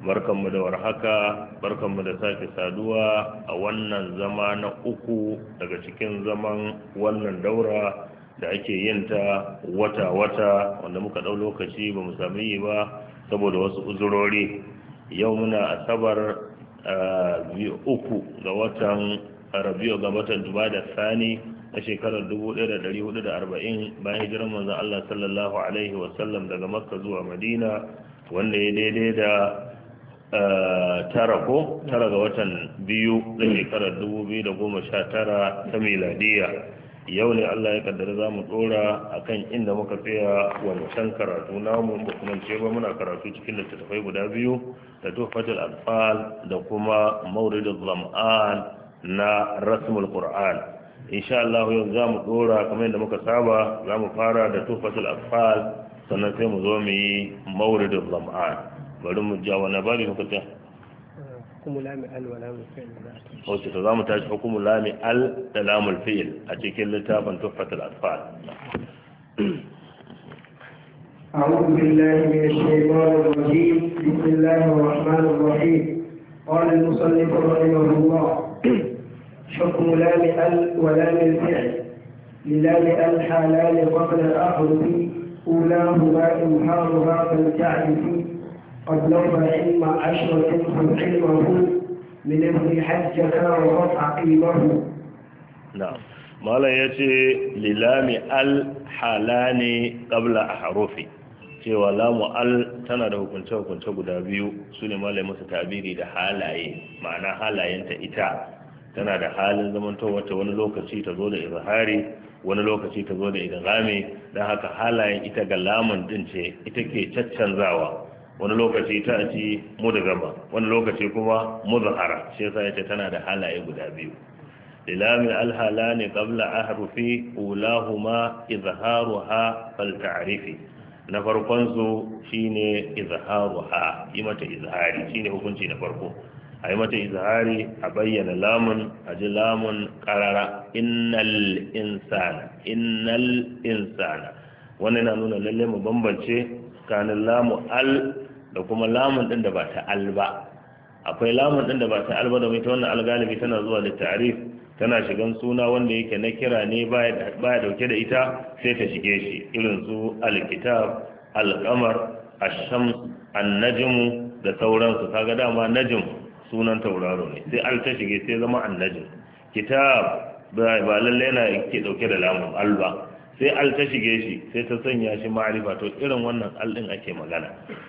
barkanmu da warhaka barkanmu da sake saduwa a wannan zama na uku daga cikin zaman wannan daura da ake yin ta wata-wata wanda muka ɗau lokaci ba mu sami yi ba saboda wasu uzurori yau muna asabar uku ga watan rabiu ga watan da sani na shekarar 1440 bayan hijirar manzon Allah sallallahu alaihi wasallam daga makka zuwa madina wanda ya daidai da tara ko tara ga watan biyu da shekarar dubu biyu da goma sha tara ta miladiya yau ne allah ya kaddara za mu dora a kan inda muka tsaya wancan karatu namu da kuma ce ba muna karatu cikin littattafai guda biyu da tufatul alfal da kuma mauridul zam'an na rasmul qur'an insha Allah yau za mu dora kamar yadda muka saba za mu fara da tufatul alfal sannan sai mu zo mu yi mauridul zam'an bari mu ja wani bari muka kuta hukumu lami al wa lamul fi'il ko ce to zamu tashi hukumu lami al da lamul a cikin littafin أعوذ بالله من الشيطان الرجيم بسم الله الرحمن الرحيم قال المصنف رحمه الله حكم لام ال ولام الفعل للام ال حالان قبل في أولاهما إمهارها كالتعريف اللهم علم أشر تنفر علمه من ابن حجك ورفع قيمه نعم malam ya ce lilami al-hala ne ƙabla a harufi cewa lamu al tana da hukunce-hukunce guda biyu su ne malai masu tabiri da halaye ma'ana halayenta ita tana da halin zamantowa ta wani lokaci ta zo da izahari wani lokaci ta zo da don haka halayen ita ga lamun din ce ita ke caccanzawa wani lokaci ta ci mu da gaba, wani lokaci kuma zahara. shi yasa yace tana da halaye guda biyu lilami alhalani qabla ahrufi ulahuma izharuha fal ta'rifi na farkon su shine izharuha yi mata izhari shine hukunci na farko a yi mata izhari a bayyana lamun a ji lamun karara innal insana innal insana wannan na nuna lalle mu bambance tsakanin lamu al da kuma lamun din da ba ta alba akwai lamun din da ba ta alba domin ta wannan algalibi tana zuwa da ta'rif tana shigan suna wanda yake na kira ne baya dauke da ita sai ta shige shi irin su alkitab alqamar asham shams da sauransu kaga dama najm sunan tauraro ne sai al ta shige sai zama an-najm kitab ba lalle yana yake dauke da lamun alba sai al ta shige shi sai ta sanya shi ma'arifa to irin wannan al din ake magana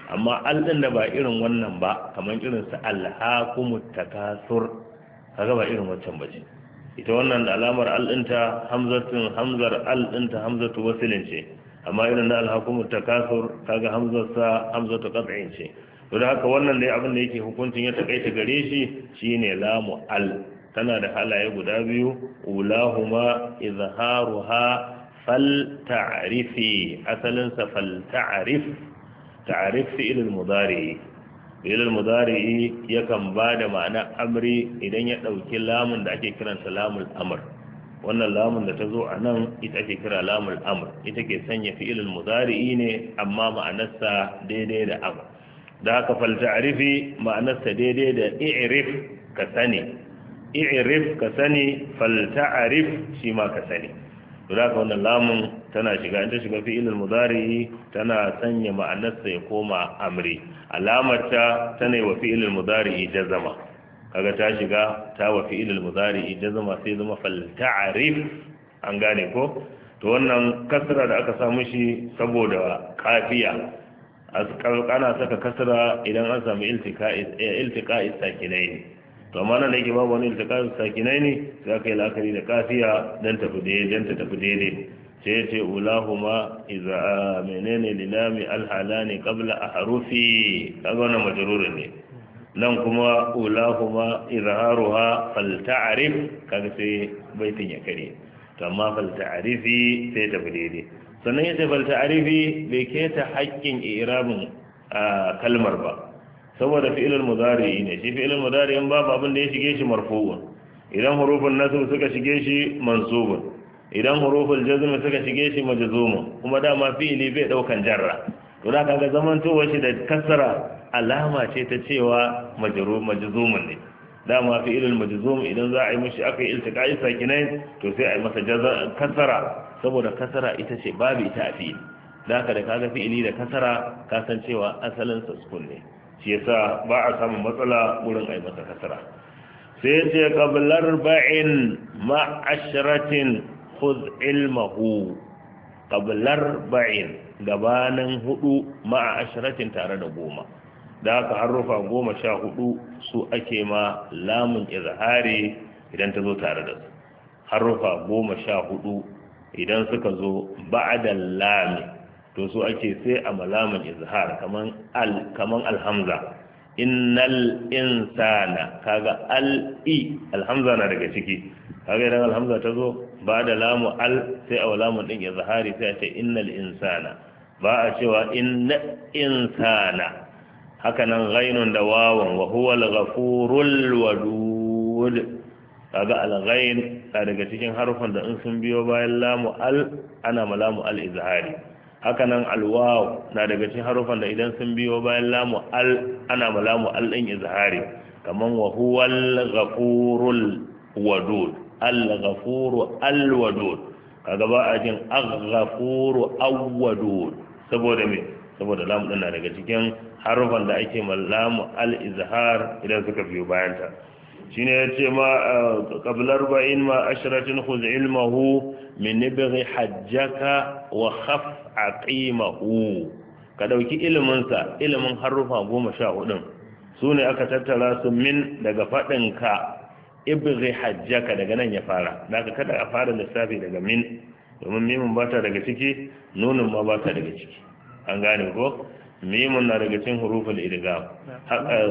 amma al din da ba irin wannan ba kamar irin su alhaqumut takasur kaga ba irin wancan bace ita wannan da alamar al din ta hamzatun hamzar al din ta hamzatu wasilin ce amma irin da na alhaqumut takasur kaga hamzar sa hamzatu qat'in ce to da haka wannan dai abin da yake hukuncin ya takaita gare shi shine lamu al tana da halaye guda biyu ulahuma izharuha falta'rifi asalinsa falta'rif ta'rif fi'ilul mudari fi'ilul mudari yakan ba da ma'ana amri idan ya ɗauki lamun da ake kiransa lamul amr wannan lamun da ta zo a nan ita ake kira lamul amr ita ke sanya fi'ilul mudari ne amma ma'anarsa daidai da amr da haka falta'rifi ma'anarsa daidai da i'rif ka sani i'rif ka sani falta'rif shi ma ka sani to da wannan lamun tana shiga in ta shiga fi'ilul mudari tana sanya ma'anarsa ya koma amri alamar ta tana yi wa fi'ilul mudari jazama kaga ta shiga ta wa fi'ilul mudari jazama sai zama fal ta'rif an gane ko to wannan kasra da aka samu shi saboda kafiya ana saka kasra idan an samu iltika eh, iltika sakinai to amma nan da yake babu wani iltikasu sakinai ne za ka yi la'akari da kafiya dan tafi daidai ta tafi daidai sai ya ce ulahuma iza menene lilami alhala ne kabla a harufi kaga wannan majarurin ne nan kuma ulahuma izharuha falta'rif kaga sai baitin ya kare to amma falta'rifi sai tafi daidai sannan ya ce falta'rifi bai keta haƙƙin irabin kalmar ba saboda fi'ilul mudari ne shi fi'ilul mudari in babu abin da ya shige shi marfu'un idan hurufin nasb suka shige shi mansubun idan hurufin jazm suka shige shi majzumun kuma dama fi'ili bai daukan jarra to da kaga zamantowar shi da kasara alama ce ta cewa majru majzumun ne dama fi'ilul majzum idan za a yi mishi aka yi iltiqa'i sakinain to sai a yi masa kasara saboda kasara ita ce babu ita a fi'ili da haka da kaga fi'ili da kasara kasancewa asalin sa sukun ne shi yasa ba a samun matsala wurin ai masa kasara sai ce kabilar ba'in ma ashratin khudh ilmahu ba'in gabanin hudu ma tare da goma da aka harufa goma sha hudu su ake ma lamun izhari idan ta zo tare da su harufa goma sha hudu idan suka zo ba'adan lami to su ake sai a malamin izhar kaman al kaman alhamza innal insana kaga al i alhamza na daga ciki kaga idan alhamza ta zo ba da lamu al sai a lamun din izhari sai a ce innal insana ba a cewa inna insana haka nan ghainun da wawan wa huwa al-ghafurul wadud kaga al-ghain daga cikin harfan da in sun biyo bayan lamu al ana malamu al izhari haka nan alwaw na daga cikin harufan da idan sun biyo bayan lamu al ana ma lamu al din izhari kaman wa huwal ghafurul wadud al ghafuru al wadud kaga ba a jin aghafuru wadud saboda me saboda lamu din na daga cikin harufan da ake ma lamu al izhar idan suka biyo bayan ta ya yace ma qabla arba'in ma ashratin khudh ilmahu min nibghi hajjaka wa a aqimahu ka dauki ilimin sa goma sha 14 sune aka tattara su min daga fadin ka ibghi hajjaka daga nan ya fara daga kada a fara lissafi daga min domin mimun ta daga ciki nunin ma ta daga ciki an gane ko mimun na daga cikin hurufin idgham eh,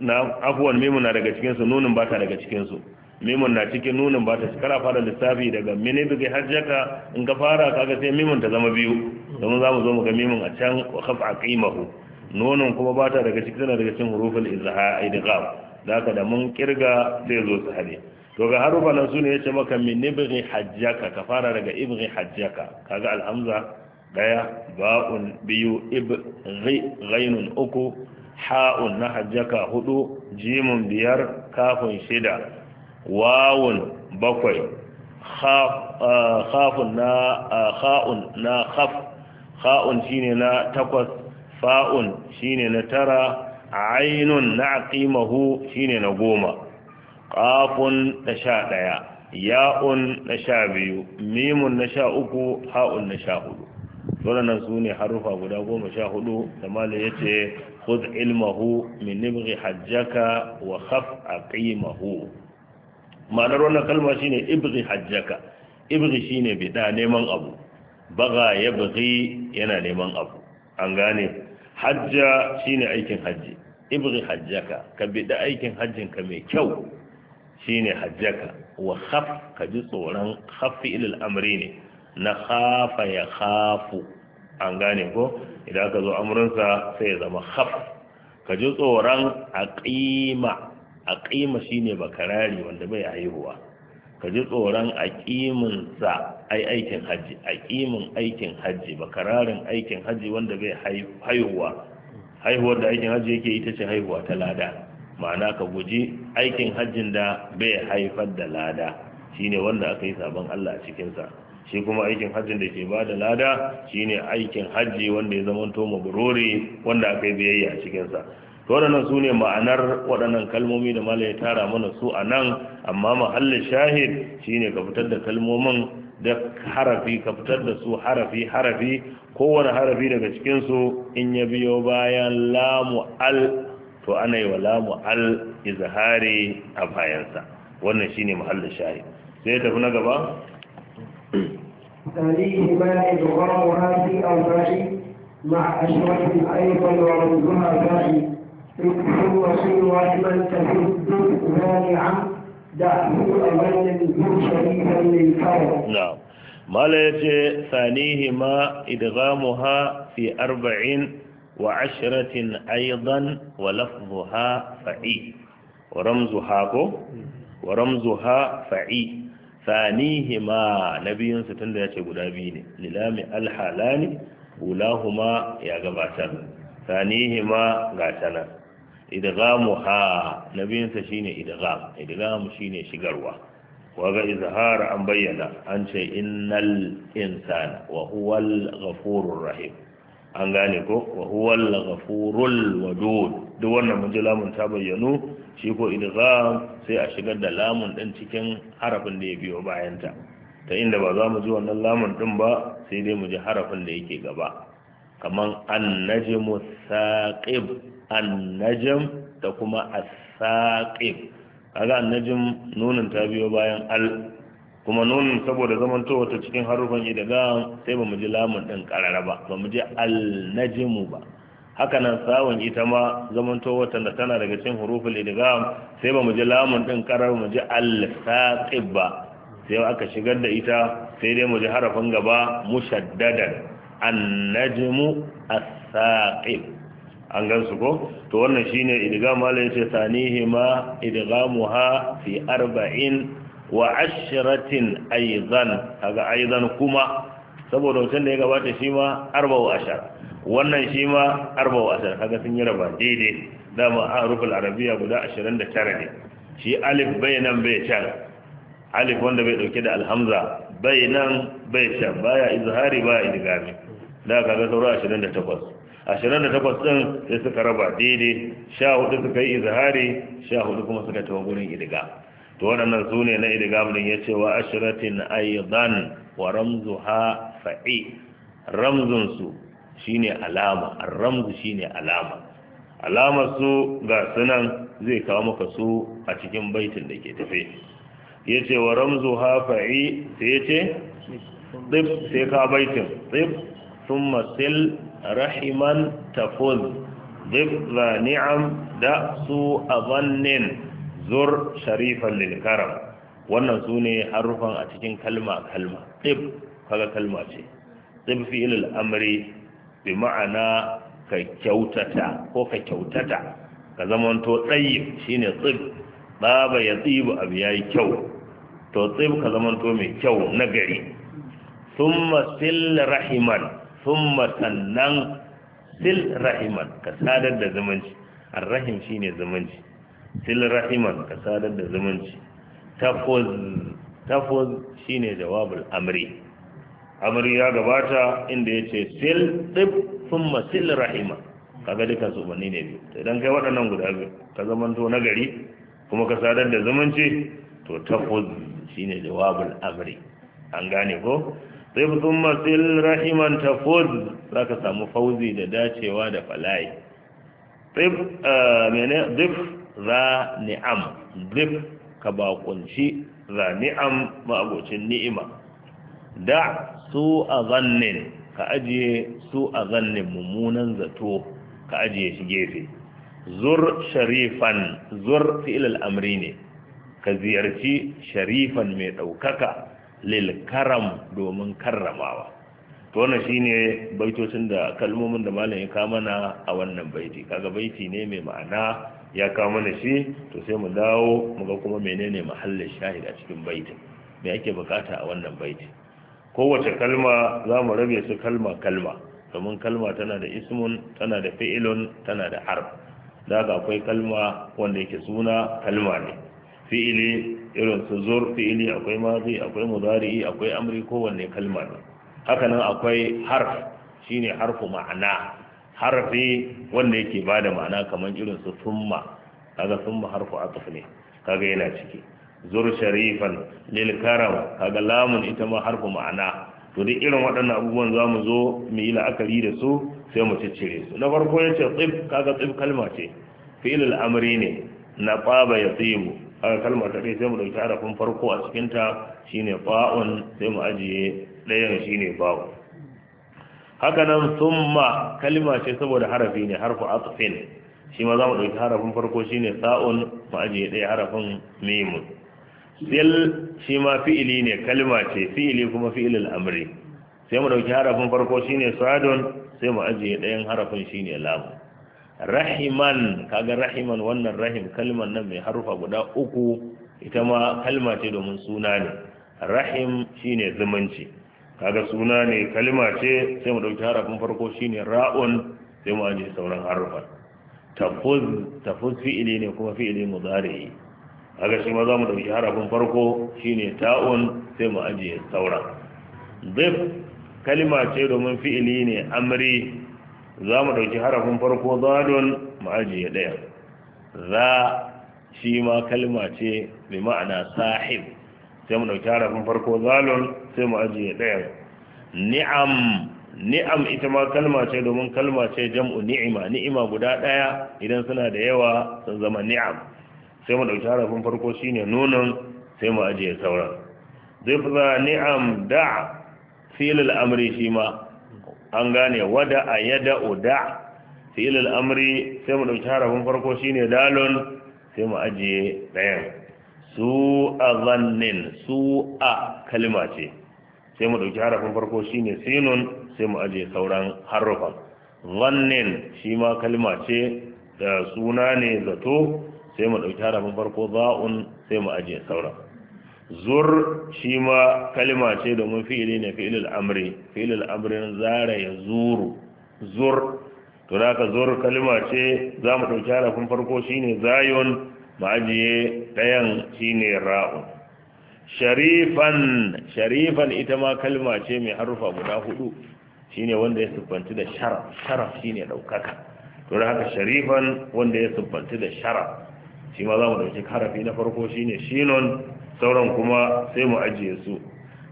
na afuwan mimun na daga cikinsu nunin ba ta daga cikinsu mimun na cikin nunin ba ta kara fara lissafi daga mini bi hajjaka in ka fara kaga sai mimun ta zama biyu domin za mu zo mu ga mimun a can wa khaf aqimahu nunin kuma ba ta daga cikin daga cikin huruful izha idgham zaka da mun kirga zai zo su hade to ga harufa nan sune yace maka min ibghi hajjaka ka fara daga ibghi hajjaka kaga alhamza daya ba'un biyu ibghi ghainun uku ha'un na hajjaka hudu jimun biyar kafin shida wawun bakwai ha'un uh, na uh, ha'un na haf ha'un shine na takwas fa'un shine na tara ainun na aqimahu shine na goma kafun na sha daya ya'un na sha biyu mimun na sha uku ha'un na sha hudu waɗannan su ne harufa guda goma sha hudu da malin ya ce khud ilmahu min nibghi hajjaka wa khaf aqimahu ma'anar wannan kalma shine ibghi hajjaka ibghi shine bida neman abu baga ya bughi yana neman abu an gane hajja shine aikin hajji ibghi hajjaka ka bida aikin hajjin ka mai kyau shine hajjaka wa khaf ka ji tsoron khafi ilal amri ne na khafa ya khafu an gane ko idan ka zo amurinsa sai ya zama haf ka ji tsoron Aqima shi shine bakarari wanda bai haihuwa ka ji tsoron aƙiminsa ai aikin hajji aƙimin aikin hajji bakararin aikin hajji wanda bai haihuwa haihuwar da aikin hajji yake ita ce haihuwa ta lada ma'ana ka guji aikin hajjin da bai haifar da lada shine wanda aka yi sabon Allah a cikinsa shi kuma aikin hajjin da ke ba da lada shine aikin hajji wanda ya zama to mabruri wanda aka yi biyayya a cikinsa to waɗannan su ne ma'anar waɗannan kalmomi da malai ya tara mana su a nan amma mahallin shahid shine ka fitar da kalmomin da harafi ka fitar da su harafi harafi kowane harafi daga cikinsu in ya biyo bayan lamu al to ana yi wa lamu al izahari a bayansa wannan shine mahallin shahid sai tafi na gaba تاليهما إدغامها في أرباع مع أشرف أيضا ورمزها باعي اكتب وصل واجبا تهد مانعا دعه أولا شريفا للفرد نعم ما لا يجي ثانيهما إدغامها في أربع وعشرة أيضا ولفظها فعي ورمزها ورمزها فعي sanihima na biyunsu tun da ya ce guda biyu ne lilami alhalani ulahuma ya gabatar sanihima ga tana idgamu ha na biyunsa shine idgam idgam shine shigarwa waga izhara an bayyana an ce innal insana Wahuwal huwal ghafurur rahim an gane ko wa huwal ghafurul wadud duk wannan mun ji lamun ta bayyano shi ko idgham sai a shigar da lamun din cikin harafin da ya biyo bayanta ta inda ba za mu ji wannan lamun din ba sai dai mu ji harafin da yake gaba kaman annajmu saqib annajm da kuma as-saqib kaga annajm nunin ta biyo bayan al kuma nunin saboda zamantowa ta cikin harufan idgham sai ba mu ji lamun din karara ba ba mu ji al-najmu ba hakanan sawun ita ma zamanto watan da tana daga cin huruful idgham sai ba mu ji lamun din karar mu ji al-saqib ba sai aka shigar da ita sai dai mu ji harafin gaba mushaddadan an-najmu as-saqib an gan su ko to wannan shine idgham malai yace sanihi ma idghamuha fi arba'in wa ashratin aidan kaga aidan kuma saboda wancan da ya gabata shi ma arba'u ashara wannan shi ma arba wasan kaga sun yi raba daidai dama harufin arabiya guda 29 ne shi alif bai nan bai can alif wanda bai dauke da alhamza bai nan bai can baya izhari baya idgami da kaga Ashirin 28 28 din sai suka raba daidai 14 suka yi izhari 14 kuma suka tawo gurin idga to waɗannan su ne na idgam din ce wa ashratin aidan wa ramzuha fa'i ramzun su shine alama ar-ramzu shine alama Alama su ga sunan zai kawo maka su a cikin baitin da ke tafe yace wa ramzu hafa'i sai yace dib sai ka baitin dib thumma sil rahiman tafuz dib za ni'am da su abannin zur sharifan lil karam wannan su ne harufan a cikin kalma kalma dib kaga kalma ce dib fi'il al-amri bi ma'ana ka kyautata ko ka kyautata ka zamanto shi shine tsib baba ya tsibu abu yi kyau to tsib ka zamanto mai kyau na gari thumma sil rahiman thumma sannan sil rahiman ka sadar da zamanci. Al-rahim shi shine zamanci. sil rahiman ka sadar da zamanci. tafuz tafuz shine jawabul amri amri ya gabata inda ya ce sil ɗib sun masil rahima kaga duka su ne biyu idan kai waɗannan guda biyu ka zamanto na gari kuma ka sadar da zumunci to ta shi ne jawabul amri an gane ko ɗib sun masil rahiman ta za ka samu fauzi da dacewa da falai tsib mene ɗib za ni'am ɗib ka bakunci za ni'am ma'abocin ni'ima da su a zannin ka ajiye su a zannin mummunan zato ka ajiye shi gefe zur sharifan zur fi'il amri ne ka ziyarci sharifan mai ɗaukaka lil karam domin karramawa to wannan shine baitocin da kalmomin da malam ya kawo mana a wannan baiti kaga baiti ne mai ma'ana ya kawo mana shi to sai mu dawo mu ga kuma menene mahallin shahida cikin baitin me ake bukata a wannan baiti kowace kalma za mu rabe su kalma kalma domin kalma tana da ismun tana da fi'ilun tana da harf da ga akwai kalma wanda yake suna kalma ne fi'ili irin su zur fi'ili akwai mazi akwai mudari akwai amri kowanne kalma ne haka nan akwai harf shine harfu ma'ana harfi wanda yake bada ma'ana kamar irin su thumma kaga thumma harfu atf ne kaga yana ciki zur sharifan lil karam kaga lamun ita ma harfu ma'ana to duk irin waɗannan abubuwan za mu zo mu yi la'akari da su sai mu ciccire su na farko ya ce tsib kaga tsib kalma ce fi'il al'amri ne na tsaba ya tsimu kaga kalma ta dai, sai mu ɗauki harafin farko a cikin ta shine fa'un sai mu ajiye ɗayan shine ba'u haka nan summa kalma ce saboda harafi ne harfu atfin shi ma za mu ɗauki harafin farko shine sa'un mu ajiye ɗaya harafin mimun sil shi ma fi'ili ne kalma ce fi'ili kuma fi'ilul amri sai mu dauki harafin farko shine sadun sai mu ajiye ɗayan harafin shine lam rahiman kaga rahiman wannan rahim kalman nan mai harufa guda uku ita ma kalma ce domin suna ne rahim shine zumunci kaga suna ne kalma ce sai mu dauki harafin farko shine ra'un sai mu ajiye sauran harufan tafuz tafuz fi'ili ne kuma fi'ili mudari haka shi ma za mu ɗauki harafin farko shine ta'un sai mu ajiye sauran zif kalima ce domin fi'ili ne amri za mu ɗauki harafin farko zadon mu ajiye ɗaya za shi ma kalima ce mai ma'ana sahib sai mu ɗauki harafin farko zalon sai mu ajiye ɗaya ni'am ni'am ita ma kalma ce domin kalma ce jam'u ni'ima ni'ima guda ɗaya idan suna da yawa sun zama ni'am sai mu ɗauki harafin farko shine nunan sai mu ajiye sauran zai fi za ni'am da filil amri shi ma an gane wada a yada da filil amri sai mu ɗauki harafin farko shine dalon sai mu ajiye ɗayan su a zannin su a kalima ce sai mu ɗauki harafin farko shine sinun sai mu ajiye sauran harufan zannin shi ma kalima ce da suna ne zato sai mu ɗauki harafin farko za'un sai mu ajiye sauran zur shi ma kalma ce domin fi'ili ne fi'ilul amri fi'ilul amrin zara ya zur to da ka zur kalma ce za mu ɗauki harafin farko shine zayon mu ajiye ɗayan shine ra'un sharifan sharifan ita ma kalima ce mai harufa guda hudu shine wanda ya siffanci da sharaf sharaf shine ɗaukaka to da haka sharifan wanda ya siffanci da sharaf shi ma za mu ɗauki harafi na farko shine shinon sauran kuma sai mu ajiye su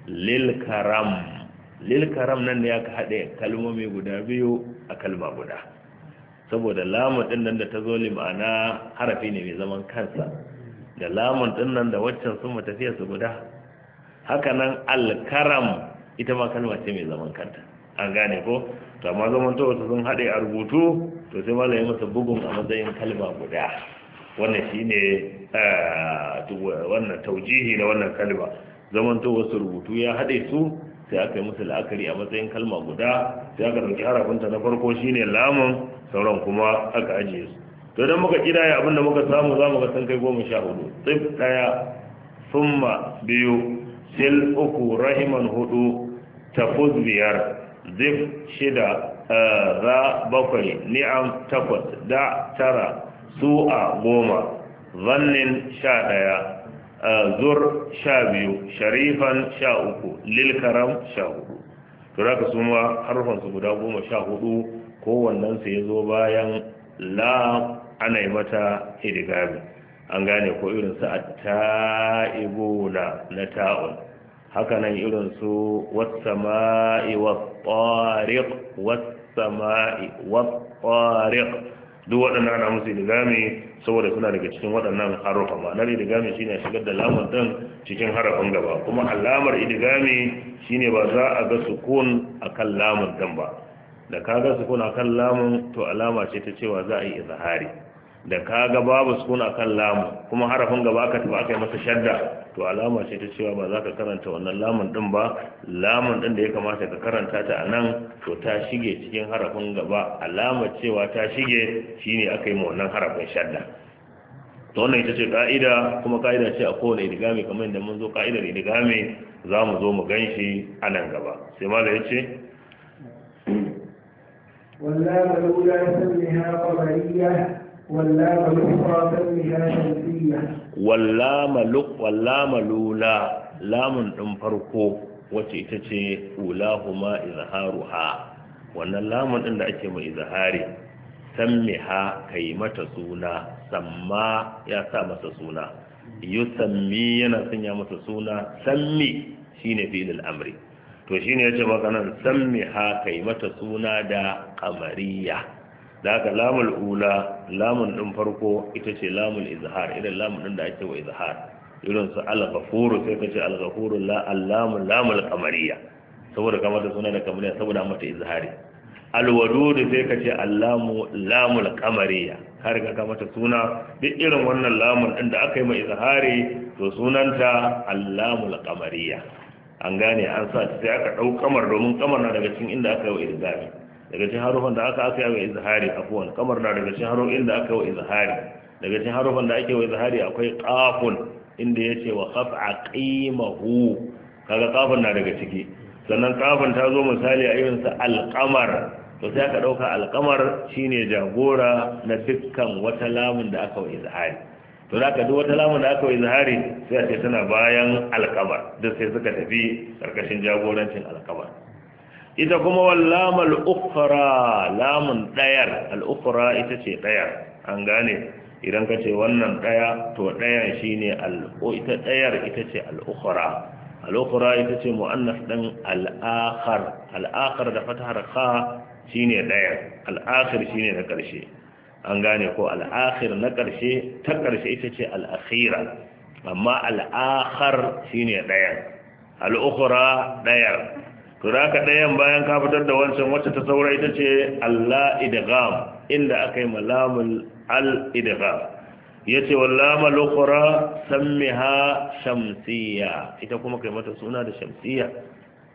lil karam lil karam nan ne aka haɗe kalmomi guda biyu a kalma guda saboda lamun ɗin nan da ta zo li ma'ana harafi ne mai zaman kansa da lamun ɗin nan da waccan sun mu tafiya su guda haka nan alkaram ita ma kalma ce mai zaman kanta an gane ko to amma zaman to sun haɗe a rubutu to sai malamin masa bugun a matsayin kalma guda wannan shi ne eh, wannan taujihi na wannan kalma zamanto wasu rubutu ya haɗe su sai aka yi musu la'akari a matsayin kalma guda sai aka ɗauki harafinta na farko shi ne lamun sauran kuma aka ajiye su to idan muka kidaya abin da muka samu za mu ga san kai goma sha hudu tsif ɗaya summa biyu sil uku rahiman hudu tafuz biyar zif shida eh, za bakwai ni'am takwas da tara su'a goma zannin sha ɗaya zur sha biyu sharifan sha uku lilkaram sha hudu to da ka suma harfansu guda goma sha hudu kowannensu ya zo bayan la ana yi mata hidigami an gane ko irinsu a ta'ibuna na ta'un hakanan irinsu wasama'i wasariq wasama'i wasariq duk waɗannan ana musu idigami saboda suna daga cikin waɗannan haruffa ma'anar idigami shine shigar da lamar ɗin cikin harafin gaba kuma alamar idigami shine ba za a ga sukun akan lamun ɗin ba da ka ga sukun akan lamun to alama ce ta cewa za a yi izahari da ka ga babu sukun kan lamu kuma harafin gaba ka tafi aka yi masa shadda to alama ce ta cewa ba za ka karanta wannan lamun din ba lamun din da ya kamata ka karanta ta a nan to ta shige cikin harafin gaba alama cewa ta shige shine aka yi wannan harafin shadda to wannan ita ce ka'ida kuma ka'ida ce a kowane idigami kamar yadda mun zo ka'idar idigami za mu zo mu gan shi a nan gaba sai ma ya ce واللام الأولى سمها قبلية wallama lula lamun ɗin farko wacce ita ce ulahuma ha wannan lamun ɗin da ake mai izhari sammiha kai mata suna samma ya sa masa suna yusammi yana sanya mata suna sammi shine filin amri to shine yace maganar nan sammiha kai mata suna da kamariya da haka lamul ula lamun din farko ita ce lamul izhar Idan lamun din da ake wa izhar irin su al-ghafuru sai ka ce al-ghafuru la allamul lamul qamariya saboda kamar da sunan da kamariya saboda mata izhari alwadudu sai ka ce allamu lamul kamariya har ga kamata suna duk irin wannan lamun din da aka yi mai izhari to sunanta allamul kamariya an gane an sa sai aka dau kamar domin kamar na daga cikin inda aka yi izhari daga cikin harufan da aka aka yi wa izhari afwan kamar na daga cikin harufin da aka yi wa izhari daga cikin harufan da ake wa izahari akwai kafun inda ya ce wa qaf'a qimahu kaga kafun na daga ciki sannan kafun ta zo misali a irin sa alqamar to sai aka dauka alqamar shine jagora na dukkan wata lamun da aka wa izahari to da duk wata lamun da aka wa izahari sai a ce tana bayan alqamar duk sai suka tafi karkashin jagorancin alqamar ita kuma wallamal ukhra lamun dayar al ita ce dayar an gane idan ka ce wannan ɗaya, to dayan shine al ita dayar ita ce al ukhra ita ce muannas ɗin al akhar al akhar da fatahar kha shine dayar al akhir shine na karshe an gane ko al na ƙarshe ta ƙarshe ita ce al akhira amma al shi ne dayan al ukhra to da aka ɗayan bayan ka fitar da wancan wacce ta saura ita ce Allah idgham inda aka yi malamul al idgham yace wallama lukhra sammiha shamsiya ita kuma kai mata suna da shamsiyya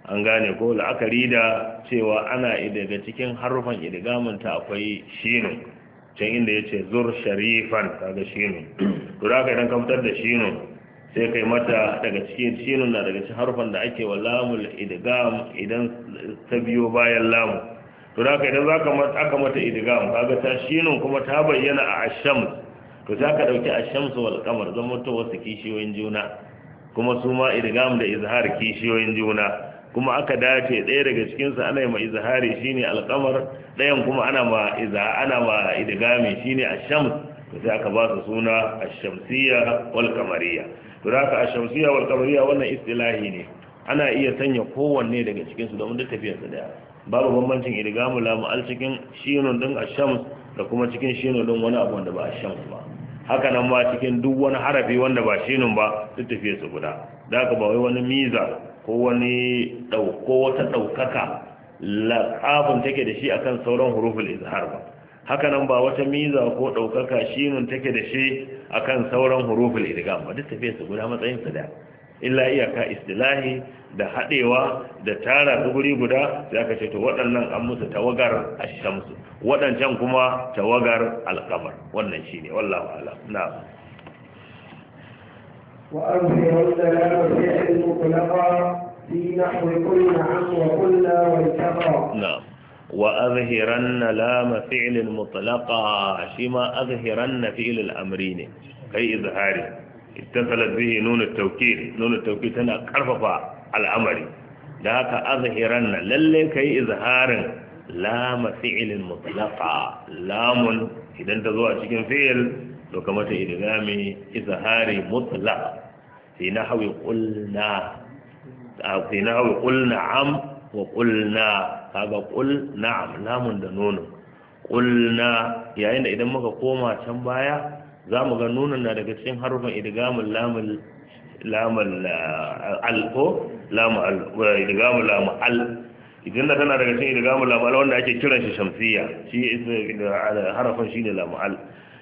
an gane ko la'akari da cewa ana daga cikin harufan idgamin ta akwai shine can inda yace zur sharifan kaga shinu to da aka idan ka fitar da shine. sai kai mata daga cikin shinun na daga cikin harfan da ake wa lamul idgam idan ta biyo bayan lamu to da idan zaka ka aka mata idgam kaga ta shinun kuma ta bayyana a ashams to za ka ɗauki ashams wal kamar zama to wasu kishiyoyin juna kuma su ma idgam da izhar kishiyoyin juna kuma aka dace ɗaya daga cikinsu su ana ma izhari shine alkamar ɗayan kuma ana ma Idigami ana ma idgami shine ashams to sai aka ba su suna ash-shamsiyya wal kamariya to da aka wal kamariya wannan istilahi ne ana iya sanya kowanne daga cikin su domin duk tafiyar su daya babu bambancin idgamu lamu al cikin shinon din ash-shams da kuma cikin shinon din wani abu wanda ba ash-shams ba haka nan ba cikin duk wani harafi wanda ba shinon ba duk tafiyar su guda da aka ba wai wani miza ko wani dauko wata daukaka laƙafin take da shi akan sauran huruful izhar ba hakanan ba wata miza ko ɗaukaka shinun take da shi akan sauran huruful idgham ba duk tafiya su guda matsayin su da illa iyaka istilahi da hadewa da tara da guri guda sai aka ce to waɗannan an musu tawagar ash-shamsu waɗancan kuma tawagar al-qamar wannan shine wallahi a'lam na'am وأظهر السلام فعل مطلقا في نحو كل عام وكل والتقى نعم وأظهرن لام فعل مطلقا شما أظهرن فعل الأمرين كي إظهاري اتصلت به نون التوكيد نون التوكيد هنا كرففا الأمر ذاك أظهرن للي كي إظهار لام فعل مطلقا لام إذا انت ذو أشكين فعل لو كما تإدغامي إظهاري مطلق في نحو قلنا في نحو قلنا عم وقلنا kaga kul na'am namun da nono qulna yayin da idan muka koma can baya za mu ga nonon na daga cikin harufin idgamul lamul lamul uh, alqo lamul al uh, idgamul lamul al idan da tana daga cikin idgamul lamul al wanda ake kiran shi shamsiya shi uh, harafin ne lamul al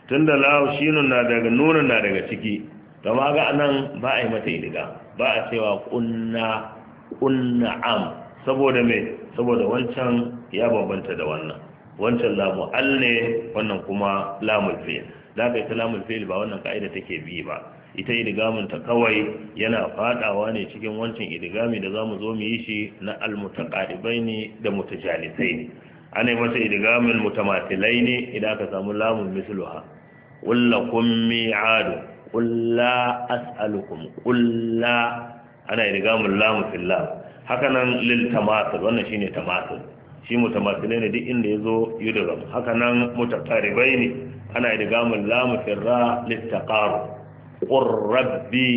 tunda la shinun na daga nonon na daga ciki kama ga anan ba a yi mata idiga ba a cewa kunna kunna am saboda me saboda wancan ya bambanta da wannan wancan lamu al ne wannan kuma lamul fi'il da kai ta lamul fi'il ba wannan ka'ida take bi ba ita idgamin ta kawai yana fadawa ne cikin wancan idgami da zamu zo mu yi shi na al mutaqaribaini da mutajalisaini ana masa idgamin ne, idan aka samu lamun misluha kullakum mi'adu la as'alukum la ana lamu lamun lam hakanan lil tamasul wannan shine tamasul shi mutamasilai ne duk inda ya zo yudigam haka nan mutakaribai ne ana gamul lamu firra rabbi qurrabbi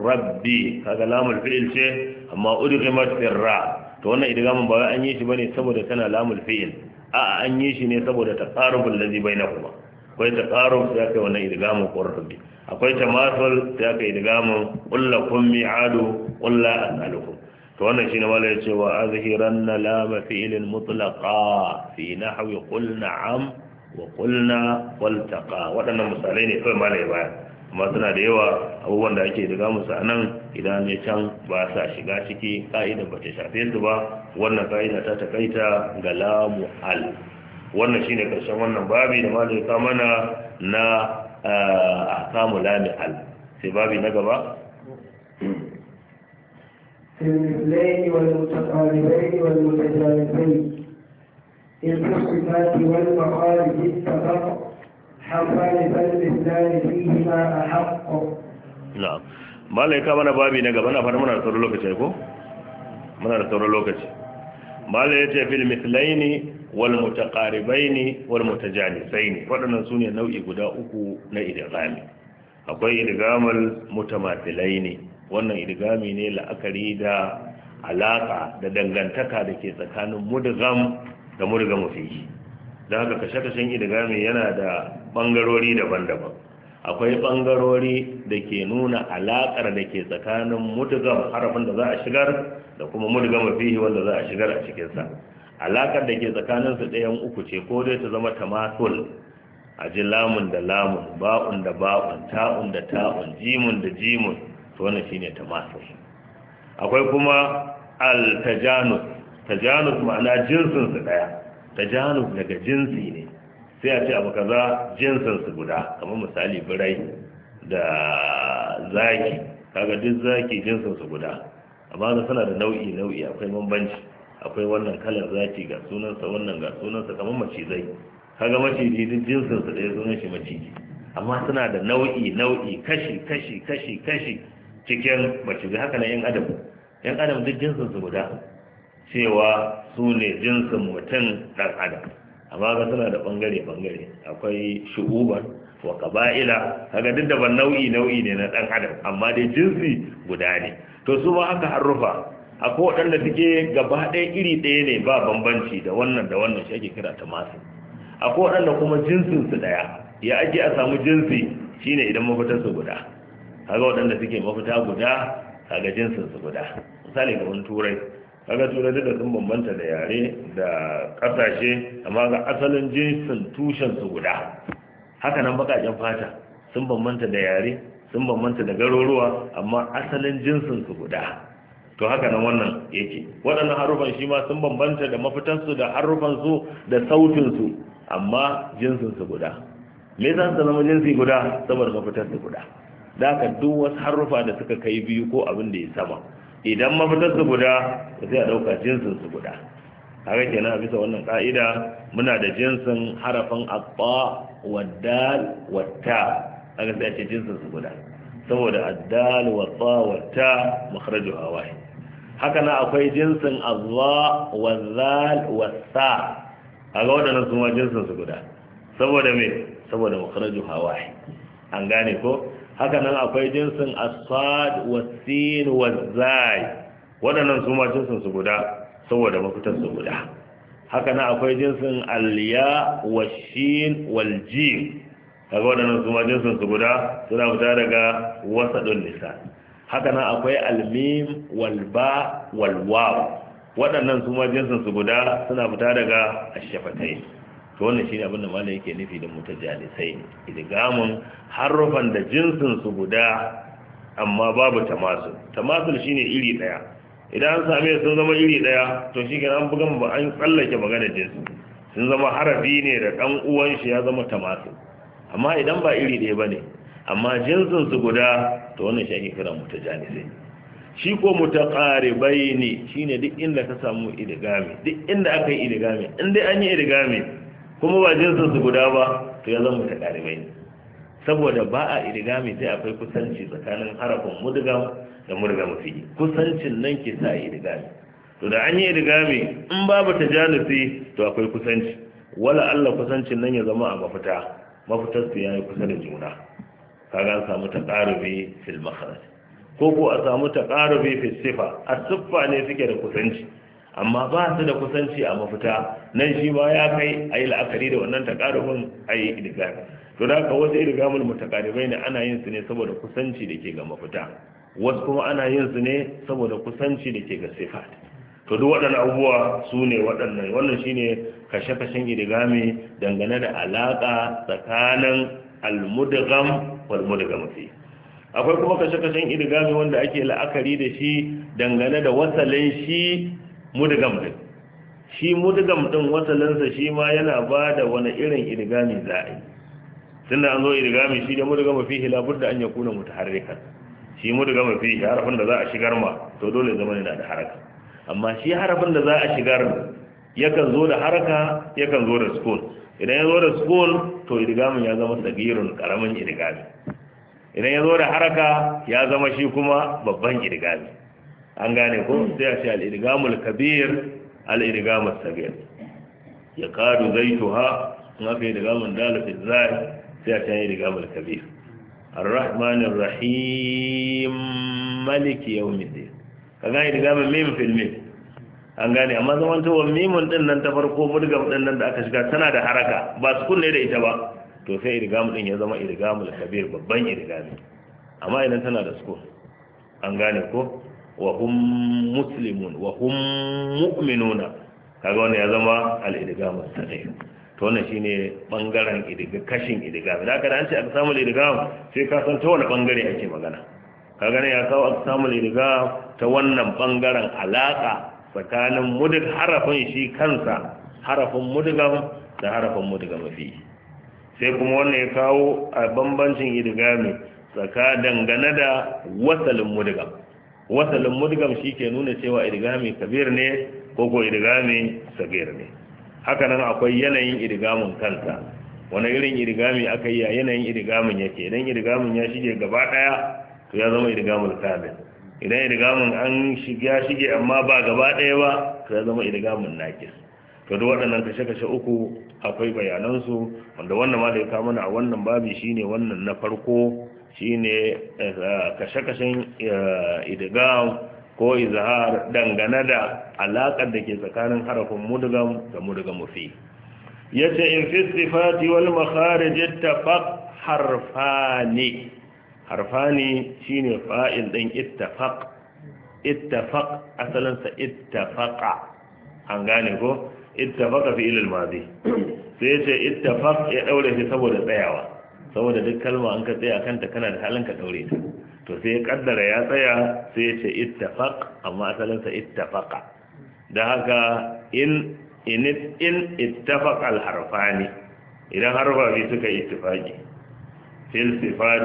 rabbi kaga lamul fi'il ce amma udghimat firra to wannan idigamun ba an yi shi bane saboda tana lamul fi'il a an yi shi ne saboda taqarubul ladhi bainakuma akwai taqarub sai kai wannan idigamun rabbi akwai tamasul sai kai idigamun qul lakum mi'adu qul la as'alukum to wannan shine mala yace wa azhiranna la filin mutlaqa fi nahwi qul am wa qulna waltaqa wadannan misalai ne kai mala baya amma suna da yawa abubuwan da ake daga musu anan idan ne can ba sa shiga ciki ka'ida ba ta shafe su ba wannan ka'ida ta takaita ga lamu al wannan shine karshen wannan babi da malai ka mana na samu eh, lamu al sai babi na gaba في المثلين والمتقاربين والمتجانسين في الصفات والمخارج اتفق حقان فالمثلان فيهما أحق نعم malai ka mana babi na gaba na fara muna da sauran lokaci ko muna da sauran lokaci malai yace fil mithlaini wal mutaqaribaini wal mutajanisaini wadannan sune nau'i guda uku na idghami akwai idghamal mutamatsilaini wannan idgami ne la'akari da alaƙa da dangantaka da ke tsakanin mudgham da mudgham fihi dan haka kashe-kashen idgami yana da ɓangarori daban-daban akwai ɓangarori da ke nuna alakar da ke tsakanin mudgham harafin da za a shigar da kuma mudgham fihi wanda za a shigar a cikin sa alakar da ke tsakanin su ɗayan uku ce ko dai ta zama tamasul a ji lamun da lamun ba'un da ba'un ta'un da ta'un jimun da jimun to wannan shine tamasul akwai kuma al-tajanus tajanus ma'ana jinsin su daya tajanus daga jinsi ne sai a ce abu kaza jinsin su guda kamar misali birai da zaki kaga duk zaki jinsin su guda amma da suna da nau'i nau'i akwai bambanci akwai wannan kalar zaki ga sunansa wannan ga sunansa kamar macizai kaga maciji duk jinsin su daya sunan shi maciji amma suna da nau'i nau'i kashi kashi kashi kashi cikin mace da haka na yan adam yan adam duk jinsin su guda cewa su ne jinsin mutum dan adam amma ga suna da bangare bangare akwai shu'uban wa qaba'ila kaga duk da ban nau'i nau'i ne na dan adam amma dai jinsi guda ne to su ba haka harufa akwai waɗanda suke gaba ɗaya iri ɗaya ne ba bambanci da wannan da wannan shi ake kira ta masu akwai waɗanda kuma jinsinsu ɗaya ya ake a samu jinsi shine idan mafitar su guda kaga waɗanda suke mafita guda kaga jinsin su guda misali kamar turai kaga turai duka sun bambanta da yare da ƙasashe amma ga asalin jinsin tushen su guda haka nan baƙaƙen fata sun bambanta da yare sun bambanta da garuruwa amma asalin jinsin su guda to haka nan wannan yake waɗannan harufan shi ma sun bambanta da su da su da sautinsu amma jinsinsu guda me za zama jinsi guda saboda su guda da ka duk wasu harufa da suka kai biyu ko abin da ya sama idan mafitar su guda ba sai a ɗauka jinsin su guda haka kenan a bisa wannan ka'ida muna da jinsin harafin abba waddal watta haka sai a ce jinsin su guda saboda addal wata watta makharaju hawaye haka na akwai jinsin azza wazzal wassa a ga waɗannan su ma jinsin su guda saboda me saboda makharaju hawaye an gane ko haka nan akwai jinsin asfad wasin wazai waɗannan su ma jinsin su guda saboda mafitar su guda haka nan akwai jinsin alya washin waljim kaga waɗannan su ma jinsin su guda suna fita daga wasaɗin lisa. haka nan akwai almim walba walwaw waɗannan su ma jinsin su guda suna fita daga ashafatai to wannan shine abin da yake nufi da mutajalisai idgamun harufan da jinsin su guda amma babu tamasul tamasul shine iri daya idan an same sun zama iri daya to shi an bugan ba an tsallake magana jinsi sun zama harafi ne da dan uwan shi ya zama tamasul amma idan ba iri daya bane amma jinsin su guda to wannan shi ake kira mutajalisai shi ko mutaqaribaini ne shine duk inda ka samu idigami duk inda aka yi idigami in dai an yi idigami kuma ba jinsin su guda ba to ya zama ta ɗalibai ne saboda ba a idigami sai akwai kusanci tsakanin harafin mudugam da murga mafi kusancin nan ke sa idigami. to da an yi idigami, in babu ta tajalusi to akwai kusanci wala Allah kusancin nan ya zama a mafita mafitar su yi kusa da juna kaga an samu taqarubi fil makhraj ko ko a samu taqarubi fil sifa A siffa ne suke da kusanci amma ba su da kusanci a mafita nan shi ba ya kai a yi la'akari da wannan takarubin a yi idiga to da ka wasu mulmu mutakaribai ne ana yin su ne saboda kusanci da ke ga mafita wasu kuma ana yin su ne saboda kusanci da ke ga sifat to duk waɗannan abubuwa su ne waɗannan wannan ne kashe-kashen idigami dangane da alaƙa tsakanin almudigam wal fi akwai kuma kashe-kashen idigami wanda ake la'akari da shi dangane da wasalin shi mudugam din shi mudugam din wasalinsa shi ma yana ba da wani irin irgami za a yi tun da an zo irgami shi da mudugam fi hila budda an ya kuna mutaharrikan shi mudugam fi harafin da za a shigar ma to dole zama yana da haraka amma shi harafin da za a shigar yakan zo da haraka yakan zo da sukun idan ya zo da sukun to irgamin ya zama tsagirin karamin irgami idan ya zo da haraka ya zama shi kuma babban irgami an gane ko hmm. sai a ce al'irgamul kabir al'irgamul sabir ya kadu zai tuha in aka yi rigamun dalafin zai sai a ce yi rigamul kabir ar-rahmanir rahim maliki yawmiddin ka gane rigamun mim fil mim an gane amma zaman to mimun din nan ta farko burgam din nan da aka shiga tana da haraka ba su kunne da ita ba to sai irgamu din ya zama irgamul kabir babban irgami amma idan tana da sukun an gane ko wa hum muslimun wa hum mu'minuna kaga wannan ya zama al-idgham as-sahih to wannan shine bangaren idiga kashin idiga da aka an ce aka samu idiga sai ka san ta wani bangare ake magana kaga ne ya kawo aka samu idiga ta wannan bangaren alaka tsakanin mudig harafin shi kansa harafin mudigam da harafin mudigam fi sai kuma wannan ya kawo a bambancin idiga tsaka dangane da wasalin mudigam wasalin mudgam shi ke nuna cewa idgami kabir ne ko ko idgami sagir ne haka nan akwai yanayin idgamin kanta wani irin idgami aka yi a yanayin idgamin yake idan idgamin ya shige gaba daya to ya zama idgamul kamil idan idgamin an ya shige amma ba gaba daya ba to ya zama idgamun nakis to duk waɗannan kashe-kashe uku akwai bayanansu wanda wannan ma ya kawo mana a wannan babi shine wannan na farko Shi ne eh, kashe-kashen eh, idgam ko izahar dangane da alaƙar da ke tsakanin harafin mudugan da mudgam fi yace in fi sifati wal makharij ittafaq harfani harfani shine fa'il ɗin ittafaq ittafaq asalinsa sa ittafaqa an gane ko ittafaqa fi ililmazi sai yace ittafaq ya ɗaure shi saboda tsayawa saboda duk kalma an ka tsaye a kanta kana da halin ka daure ta to sai ya kaddara ya tsaya sai ya ce ittafaq amma asalinsa ittafaqa da haka in in in ittafaq al harfani idan harfa bi suka ittifaqi fil sifat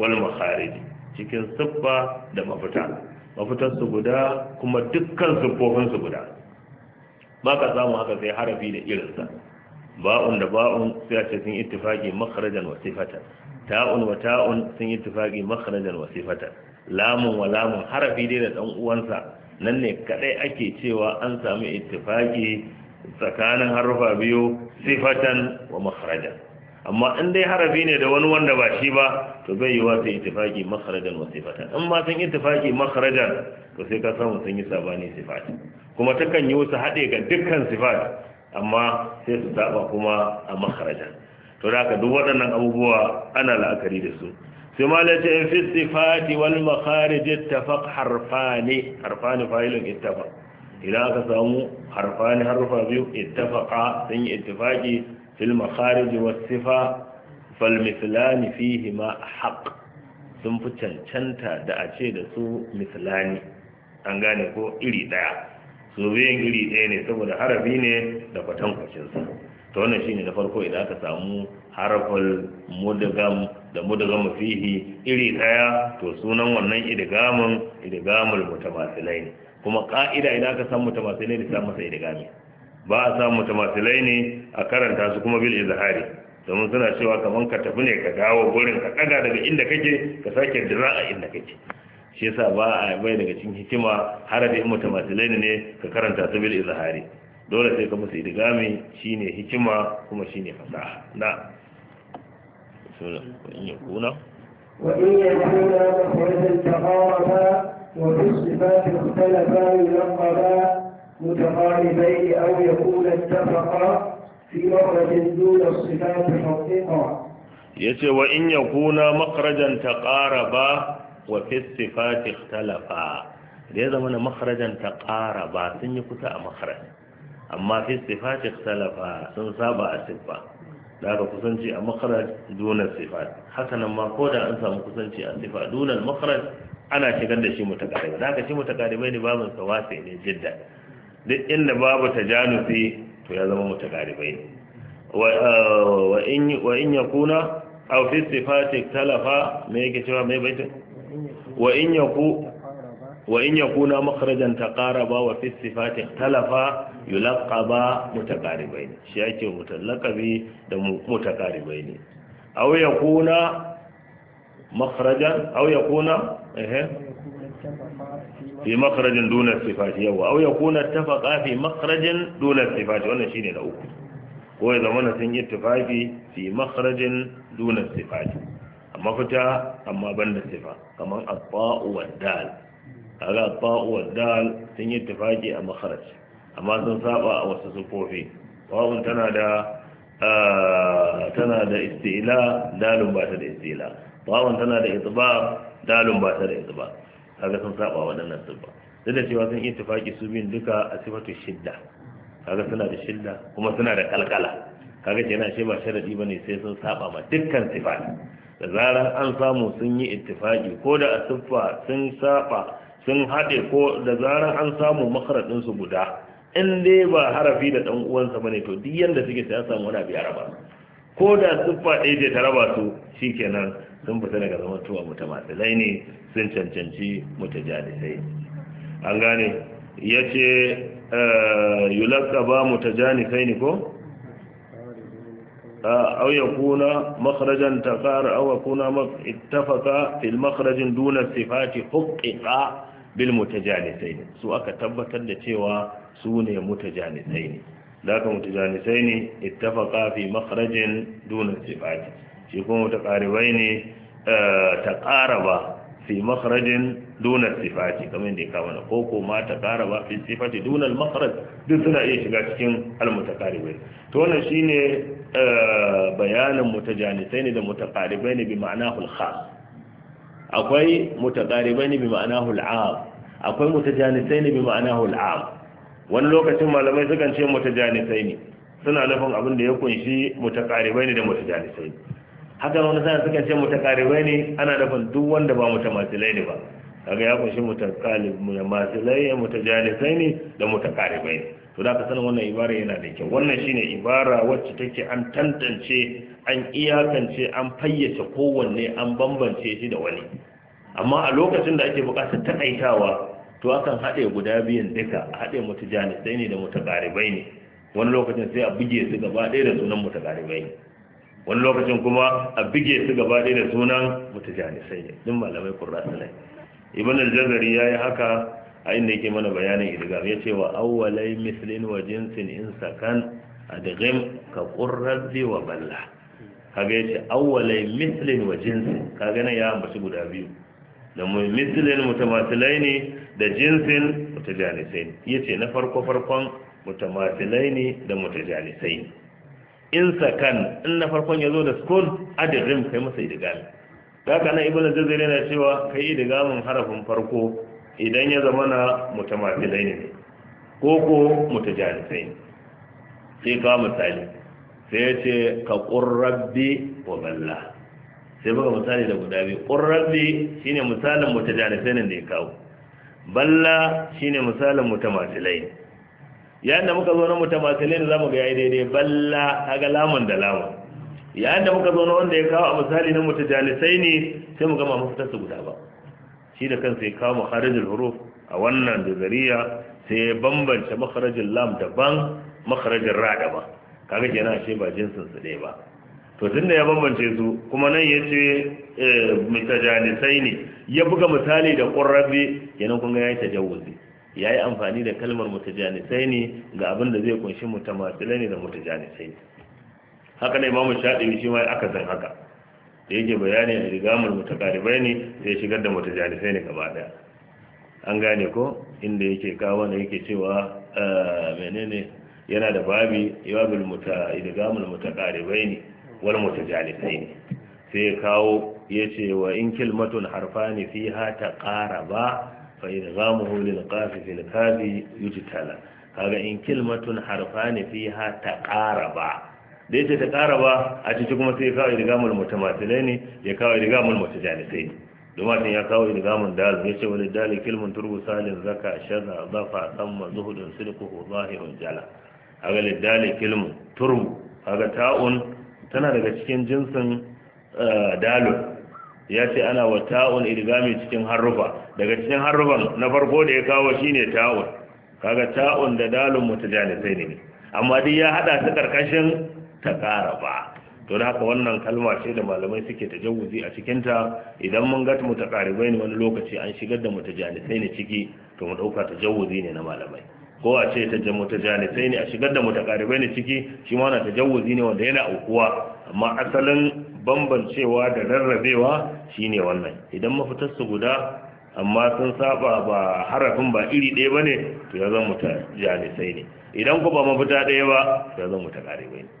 wal makharij cikin siffa da mafita mafutar su guda kuma dukkan siffofin su guda ba ka samu haka sai harafi da irinsa ba'un da ba'un sai a ce sun ittifaqi makharajan wa sifatan ta'un wa ta'un sun ittifaqi makharajan wa sifatan lamun wa lamun harafi dai da dan uwansa nan ne kadai ake cewa an samu ittifaqi tsakanin harufa biyu sifatan wa makharajan amma in dai harafi ne da wani wanda ba shi ba to bai yiwa sai ittifaqi makharajan wa sifatan in ma sun ittifaqi makharajan to sai ka samu sun yi sabani sifat kuma takan yi wasu haɗe ga dukkan sifat amma sai su taɓa kuma a makaraja to da ka duk waɗannan abubuwa ana la'akari da su sai ma la in fi sifati wal makharij ittafaq harfani harfani fa'ilun ittafaq idan aka samu harfani harfa biyu ittafaqa sun yi ittifaqi fil makharij was sifa fal mithlani fihi ma haqq sun fi cancanta da a ce da su mislani an gane ko iri daya su iri ɗaya ne saboda harafi ne da kwacinsa ta wannan shi ne na farko idan aka samu harafin mudagam da mudagam fihi iri ɗaya to sunan wannan idigamin idigamul mutamasilai ne kuma ƙa'ida idan aka samu mutamasilai ne samu masa idigami ba a samu mutamasilai ne a karanta su kuma bil izhari domin suna cewa kamar ka tafi ne ka dawo gurin ka daga inda kake ka sake dira a inda kake shi yasa ba a bai daga cikin hikima harafi in mutamatilai ne ka karanta su bil izhari dole sai ka musu idgami shine hikima kuma shine fasaha na in yakuna وإن يكون مخرجا تقاربا وفي الصفات اختلفا يلقبا متقاربين أو يكون اتفقا في مخرج دون الصفات حقيقا yace wa in yakuna makharajan taqaraba wa fi sifati talafa, da ya zama na makharajan ta ƙara ba sun yi kusa a makharaj amma fi sifati talafa sun saba a siffa da aka kusanci a makharaj dunar sifat haka nan ma ko da an samu kusanci a siffa dunar makharaj ana shigar da shi mutakaribai da aka shi mutakaribai ne babin sawasi ne jidda duk inda babu ta tajanusi to ya zama mutakaribai ne wa uh, in ya kuna aw fi sifati talafa me yake cewa mai baitin wa in yaku wa in yakuna makharajan taqaraba wa fi sifati ikhtalafa yulaqaba mutaqaribain shi yake mutallaqabi da mutaqaribain aw yakuna makharajan aw yakuna eh fi makharajan duna sifati yawa aw yakuna tafaqa fi makharajan duna sifati wannan shine uku ko zamana sun yi ittifaqi fi mafita amma ban da sifa kamar abba'u wa dal kaga abba'u wa dal sun yi tafaki a makharaj amma sun saba a wasu sufofi wawun tana da tana da istila dalun ba ta da istila wawun tana da itba dalun ba ta da itba kaga sun saba waɗannan sufa. duk da cewa sun yi tafaki su biyun duka a sifatu shidda kaga suna da shidda kuma suna da kalkala kaga kenan shi ba sharadi bane sai sun saba ma dukkan sifati da zarar an samu sun yi ittifaki ko da siffa sun saba sun haɗe ko da zarar an samu makaradin su guda in dai ba harafi da dan uwansa bane to duk yanda suke sai samu wani abu ya raba ko da siffa ɗaya ce ta raba su shi shikenan sun fita daga zaman tuwa mutamatilai ne sun cancanci mutajalisai an gane ya ce eh, yulaka ba ne ko أو يكون مخرجا تقار أو يكون اتفق في المخرج دون الصفات حقق بالمتجانسين سو أكا تبتا لتوا سوني متجانسين ذاك متجانسين اتفقا في مخرج دون الصفات شيكون متقاربين اه تقاربا في مخرج دون الصفات كما يندي كمان كوكو ما تقاربا في الصفات دون المخرج دون سنة يشغل المتقاربين تو wannan shine Eh, bayanin mutajalisai ne da mutaqaribai ne bi ma'anahul khas akwai mutaqaribai ne bi ma'anahul am akwai mutajalisai ne bi ma'anahul am wani lokacin malamai sukan ce mutajalisai ne suna nufin abin da ya kunshi mutaqaribai ne da mutajalisai ne haka wani sa'a sukan ce mutaqaribai ne ana nufin duk wanda ba mutamasilai ne ba kaga ya kunshi mutaqalib mutamasilai ne da mutaqaribai ne to da ka sanin wannan ibara yana da kyau wannan shine ibara wacce take an tantance an iyakance an fayyace kowanne an bambance shi da wani amma a lokacin da ake buƙatar takaitawa to akan haɗe guda biyan duka a haɗe mutu janisai ne da mutu ƙaribai ne wani lokacin sai a buge su gaba ɗaya da sunan mutu ƙaribai ne wani lokacin kuma a buge su gaba ɗaya da sunan mutu janisai ne ɗin malamai kurra sanai ibn al-jazari ya yi haka a inda yake mana bayanin idgham yace wa awwalai mislin wa jinsin in sakan adghim ka qurrazi wa balla kaga yace awwalai mislin wa jinsin kaga nan ya ambaci guda biyu da mislin mutamasilai ne da jinsin Ya yace na farko farkon mutamasilai ne da mutajanisai in sakan in na farkon yazo da sukun adghim kai masa idgham haka nan ibn jazari yana cewa kai idgamin harafin farko idan ya zama na mutamafilai ne ko ko mutajalisai ne sai ka misali sai ya ce ka ƙurrabbi wa balla sai baka misali da guda biyu ƙurrabbi shine misalin mutajalisai ne da ya kawo balla shine misalin mutamafilai ne yayin da muka zo na mutamafilai ne za ga gaya daidai balla ga lamun da lamun yayin da muka zo na wanda ya kawo a misali na mutajalisai ne sai mu gama mafitarsa guda ba shi da kansa ya kawo makarajin huruf a wannan jazariya sai ya bambance makarajin lam daban makarajin ra daban kaga kenan ashe ba jinsin su ɗaya ba to da ya bambance su kuma nan ya ce eh, mutajanisai ne ya buga misali da ƙurrabi kenan kun ga yayi ya yi amfani da kalmar mutajanisai ne ga abin da zai kunshi mutamasilai ne da mutajanisai haka ne imamu shaɗi shi ma aka san haka da yake bayani a rigamar mutakaribai ne sai shigar da mutajalifai ne gaba daya an gane ko inda yake kawo da yake cewa eh, menene yana da babi bil muta idgamul mutakaribai ne wal mutajalisai ne sai kawo yace wa in kilmatun harfani fiha taqaraba fa idgamuhu lil qafi fil kadi yujtala kaga in kilmatun harfani fiha taqaraba da yace ta ba a ciki kuma sai ya kawo idgamul ne ya kawo idgamul mutajalisai domin ya kawo idgamul dal ya ce wani dal kilmun turbu salin zaka shaza zafa samma zuhudun sidquhu zahirun jala aga lidal kilmun turbu aga ta'un tana daga cikin jinsin eh, dalil ya ce ana wa ta'un idgami cikin harufa daga cikin harufan na farko da ya kawo shine ta'un kaga ta'un da dalun mutajalisai ne amma dai ya hada su karkashin ta ƙara ba to da haka wannan kalma ce da malamai suke ta jawuzi a cikinta idan mun ga mu taƙaribai ne wani lokaci an shigar da mu ta janisai ne ciki to mu ɗauka jawuzi ne na malamai ko a ce mu janisai ne a shigar da mu taƙaribai ne ciki shi ma na jawuzi ne wanda yana aukuwa amma asalin bambancewa da rarrabewa shine wannan idan su guda amma sun saba ba harafin ba iri ɗaya ba ne to ya zama ta jalisai ne idan ku ba mafita ɗaya ba ya zama ta ƙaribai ne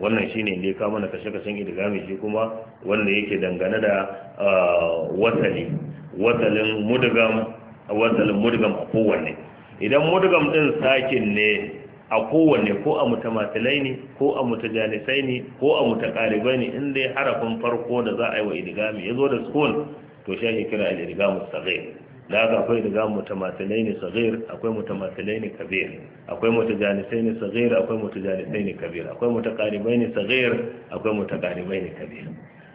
wannan shine ne ka mana kashe-kashen idigami shi kuma wanda yake dangane da uh, watali watalin mudugam watalin a kowanne idan mudugam din sakin ne a kowanne ko a mutamatilai ne ko a mutajalisai ne ko a mutakaribai ne in dai harafin farko da za a yi wa idigami ya zo da sukun to shi ake kira al-idigamu saghir da haka akwai riga mutamasilai ne sagir akwai mutamasilai ne kabir akwai mutajalisai ne sagir akwai mutajalisai ne kabir akwai mutaqaribai ne sagir akwai mutaqaribai ne kabir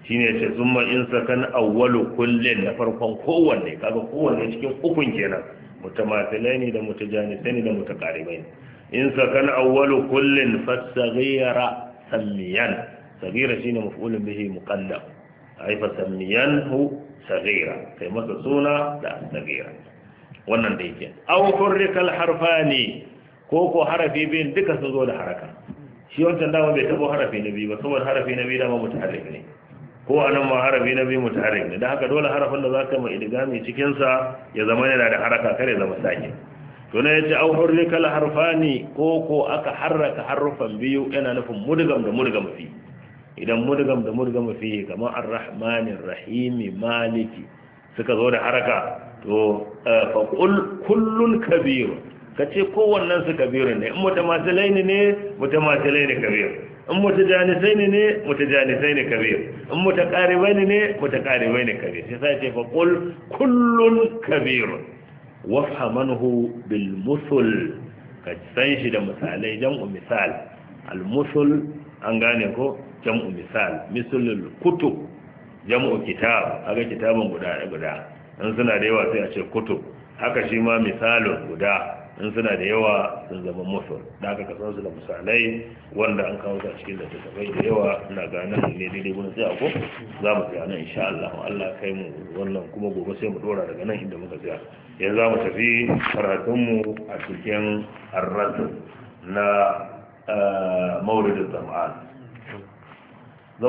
shine ce zumma in sakan awwalu kullin na farkon kowanne kaga kowanne cikin ukun kenan mutamasilai ne da mutajalisai ne da mutaqaribai ne in sakan awwalu kullin fasaghira samiyan saghira shine maf'ulun bihi muqaddam samiyan hu صغيرة kai masa suna da صغيرة wannan da yake aw hurrikal harfani ko ko harafi biyun duka sun zo da haraka shi wancan dama bai tabo harafi na biyu ba saboda harafi na biyu dama ko anan ma harafi na biyu mutaharrik ne dan haka dole harafin da zaka mai idgami cikin sa ya zama yana da haraka kare zama sakin to ne yace harfani ko ko aka harraka harfan biyu yana nufin mudgam da mudgam fi idan mudgam da mudgam fi kamar ar-rahmanir rahimi maliki suka zo da haraka to eh, fa qul kullun kabir kace kowannen su kabir ne in mutamatsilaini ne mutamatsilaini kabir in mutajanisaini ne mutajanisaini kabir in mutaqaribaini ne mutaqaribaini kabir sai sai ce fa kullun kabir wafhamanhu bil musul ka san shi da misalai jam'u misal al musul an gane ko jam'u misal mislul kutub jam'u kitab aga kitabun guda guda in suna da yawa sai a ce kutub haka shi ma misalun guda in suna da yawa sun zama musul da aka kasan su da misalai wanda an kawo su a cikin da da yawa na ganin ne daidai gudun sai ako za mu tsaya nan insha Allah Allah kai mu wannan kuma gobe sai mu dora daga nan inda muka tsaya yanzu za mu tafi mu a cikin arrasu na eh, mauridin zama'an